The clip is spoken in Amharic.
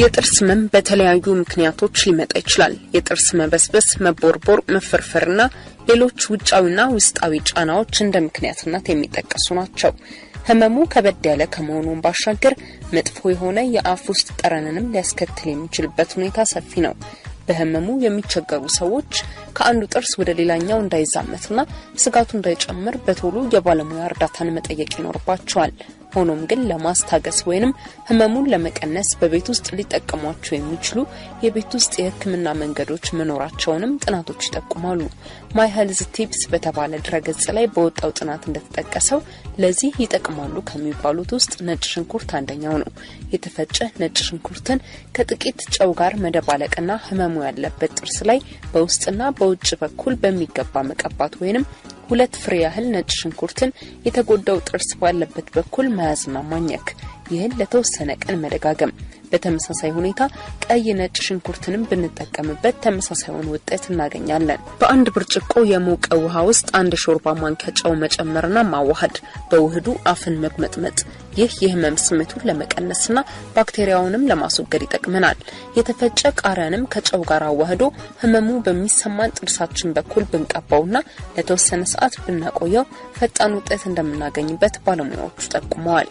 የጥርስ ህመም በተለያዩ ምክንያቶች ሊመጣ ይችላል። የጥርስ መበስበስ፣ መቦርቦር፣ መፈርፈርና ሌሎች ውጫዊና ውስጣዊ ጫናዎች እንደ ምክንያትነት የሚጠቀሱ ናቸው። ህመሙ ከበድ ያለ ከመሆኑን ባሻገር መጥፎ የሆነ የአፍ ውስጥ ጠረንንም ሊያስከትል የሚችልበት ሁኔታ ሰፊ ነው። በህመሙ የሚቸገሩ ሰዎች ከአንዱ ጥርስ ወደ ሌላኛው እንዳይዛመትና ስጋቱ እንዳይጨምር በቶሎ የባለሙያ እርዳታን መጠየቅ ይኖርባቸዋል። ሆኖም ግን ለማስታገስ ወይንም ህመሙን ለመቀነስ በቤት ውስጥ ሊጠቀሟቸው የሚችሉ የቤት ውስጥ የህክምና መንገዶች መኖራቸውንም ጥናቶች ይጠቁማሉ። ማይ ሄልዝ ቲፕስ በተባለ ድረገጽ ላይ በወጣው ጥናት እንደተጠቀሰው ለዚህ ይጠቅማሉ ከሚባሉት ውስጥ ነጭ ሽንኩርት አንደኛው ነው። የተፈጨ ነጭ ሽንኩርትን ከጥቂት ጨው ጋር መደባለቅና ህመሙ ያለበት ጥርስ ላይ በውስጥና በውጭ በኩል በሚገባ መቀባት ወይንም ሁለት ፍሬ ያህል ነጭ ሽንኩርትን የተጎዳው ጥርስ ባለበት በኩል መያዝና ማኘክ፣ ይህን ለተወሰነ ቀን መደጋገም። በተመሳሳይ ሁኔታ ቀይ ነጭ ሽንኩርትንም ብንጠቀምበት ተመሳሳዩን ውጤት እናገኛለን። በአንድ ብርጭቆ የሞቀ ውሃ ውስጥ አንድ ሾርባ ማንኪያ ጨው መጨመርና ማዋሃድ፣ በውህዱ አፍን መጉመጥመጥ ይህ የህመም ስሜቱን ለመቀነስና ባክቴሪያውንም ለማስወገድ ይጠቅመናል። የተፈጨ ቃሪያንም ከጨው ጋር አዋህዶ ህመሙ በሚሰማን ጥርሳችን በኩል ብንቀባውና ለተወሰነ ሰዓት ብናቆየው ፈጣን ውጤት እንደምናገኝበት ባለሙያዎቹ ጠቁመዋል።